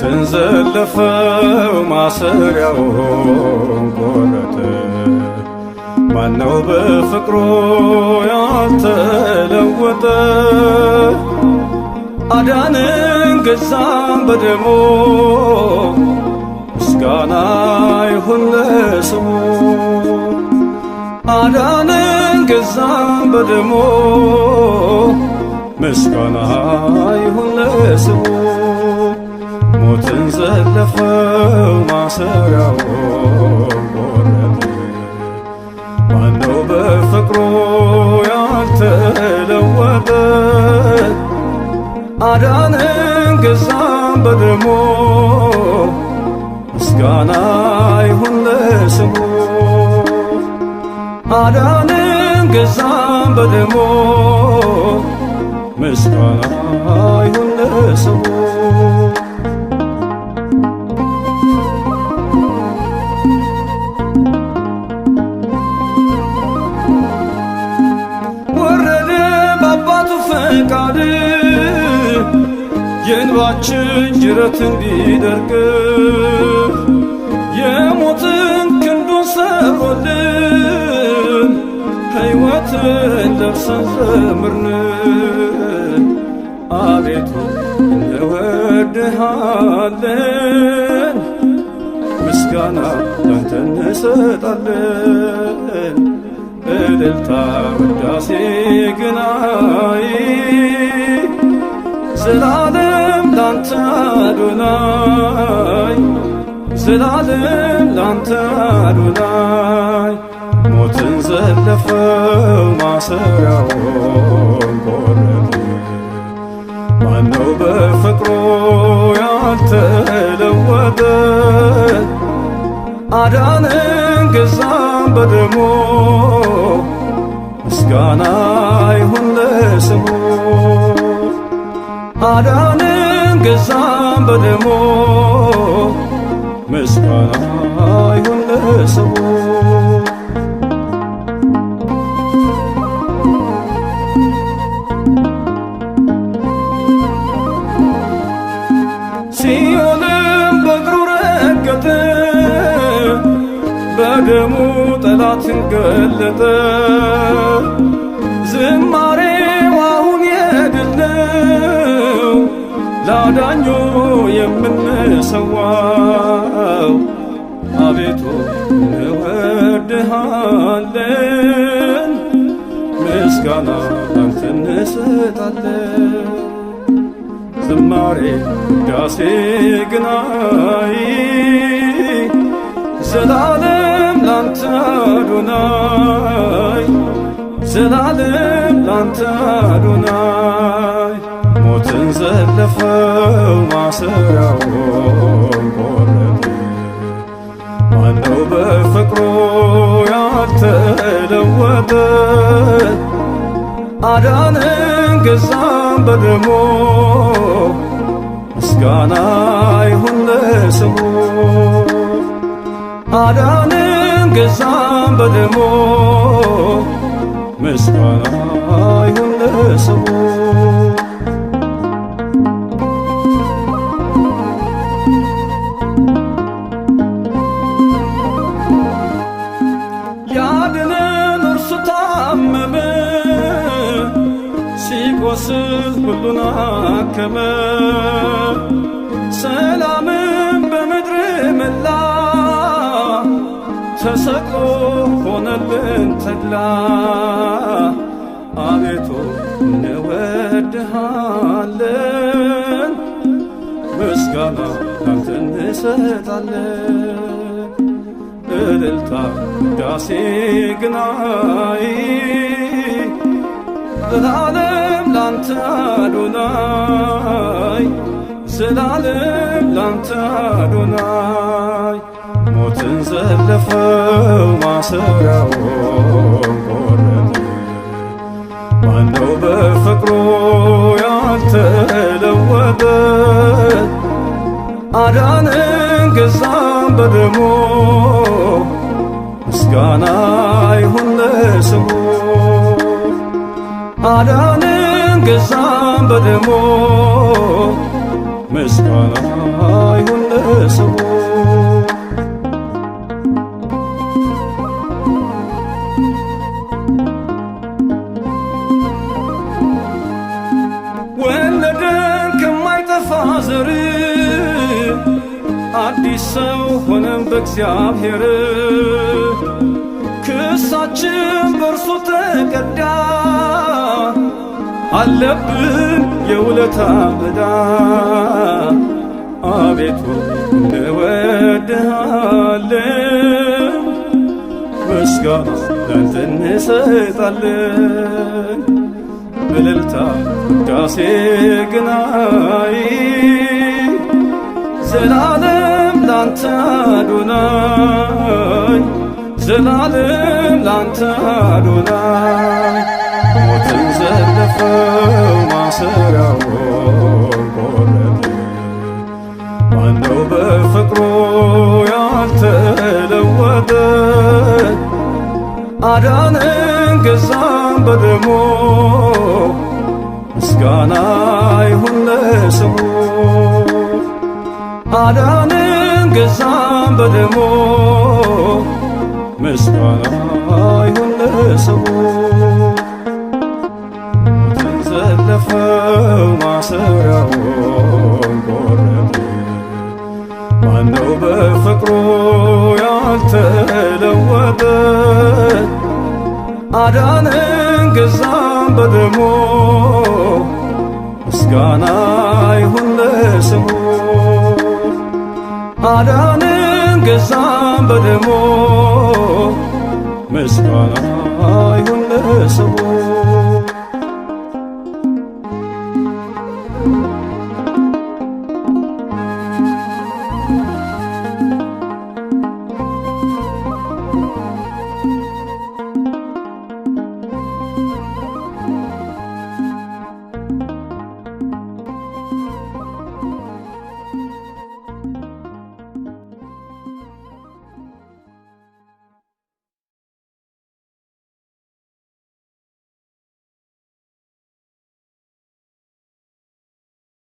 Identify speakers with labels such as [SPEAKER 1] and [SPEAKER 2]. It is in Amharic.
[SPEAKER 1] ስንዘለፈው ማሰሪያውን ቆረጠ። ማነው በፍቅሩ ያልተለወጠ? አዳንን ገዛን በደሙ ምስጋና ይሁን ለስሙ። አዳንን ገዛን በደሙ ምስጋና ይሁን ለስሙ። ሞትን ዘለፈው ማሰሪያው ቆረጠ። ማነው በፍቅሩ ያልተለወጠ? አዳንን ገዛን በደሙ ምስጋና ይሁን ለስሙ። አዳንን ገዛን በደሙ ምስጋና ይሁን ለስሙ
[SPEAKER 2] እንባችን ጅረት እንዲደርግ የሞትን ክንዱን ሰብሮልን ሕይወትን ለብሰን ዘምርን አቤቱ እንወድሃለን ምስጋና ላንተ እንሰጣለን እልልታ ውዳሴ ግናይ ዘላ ላንተ አዶናይ ዘላለም ላንተ አዶናይ ሞትን ዘለፈው ማሰሪያውን ቆረጠ ማነው በፍቅሮ ያልተለወጠ አዳንን ገዛን በደሞ ምስጋና ይሁን ለስሙ አዳን ገዛም በደሞ ምስጋና ይሁን ለስሙ።
[SPEAKER 3] ሲኦልም በእግሩ ረገጠ፣ በደሙ ጠላትን ገለጠ። ዝማሬ ለዳኙ የምንሰዋው አቤቱ እንወድሃለን፣ ምስጋና ላንተ እንሰጣለን። ዝማሬ ዳሴ ግናይ ዘላለም ላንተ አዶናይ ዘላለም ላንተ አዶናይ ሞትን ዘለፈው ማሰሪያውን ቆረጠ። ማነው በፍቅሩ ያልተለወጠ? አዳንን ገዛን በደሙ ምስጋና ይሁን ለስሙ። አዳንን ገዛን በደሙ ምስጋና ይሁን ለስሙ።
[SPEAKER 4] ሁሉን አከመ ሰላምን በምድር መላ ተሰቅሎ ሆነልን ተድላ አቤቱ እንወድሃለን ምስጋና አንተ እንሰጣለን እልልታ ዳሴ ግናይ ዘላለም ላንተ አዶናይ ዘላለም ላንተ አዶናይ ሞትን ዘለፈው ማሰሪያውን ቆረጠ ማነው በፍቅሩ ያልተለወጠ አዳንን ገዛም በደሞ ምስጋና ይሁን ለስሙ ገዛም በደሞ ምስጋና ይሁን ለስሙ።
[SPEAKER 5] ወለደን ከማይጠፋ ዘር አዲስ ሰው ሆነን በእግዚአብሔር ክሳችን በእርሱ ተቀዳ አለብን የውለታ ዕዳ አቤቱ እንወድሃለን ምስጋና ላንተ እንሰጣለን በእልልታ ውዳሴ ግናይ ዘላለም ላንተ አዶናይ ዘላለም ላንተ አዶናይ ማሰሪያውን ቆረጠ። ማነው በፍቅሩ ያልተለወጠ? አዳነን ገዛን በደሙ ምስጋና ይሁን ለስሙ። አዳነን ገዛን በደሙ ምስጋና ይሁን ለስሙ። በፍቅሩ ያልተለወጠ አዳንን ገዛን በደሙ ምስጋና ይሁን ለስሙ አዳንን ገዛን በደሙ ምስጋና ይሁን ለስሙ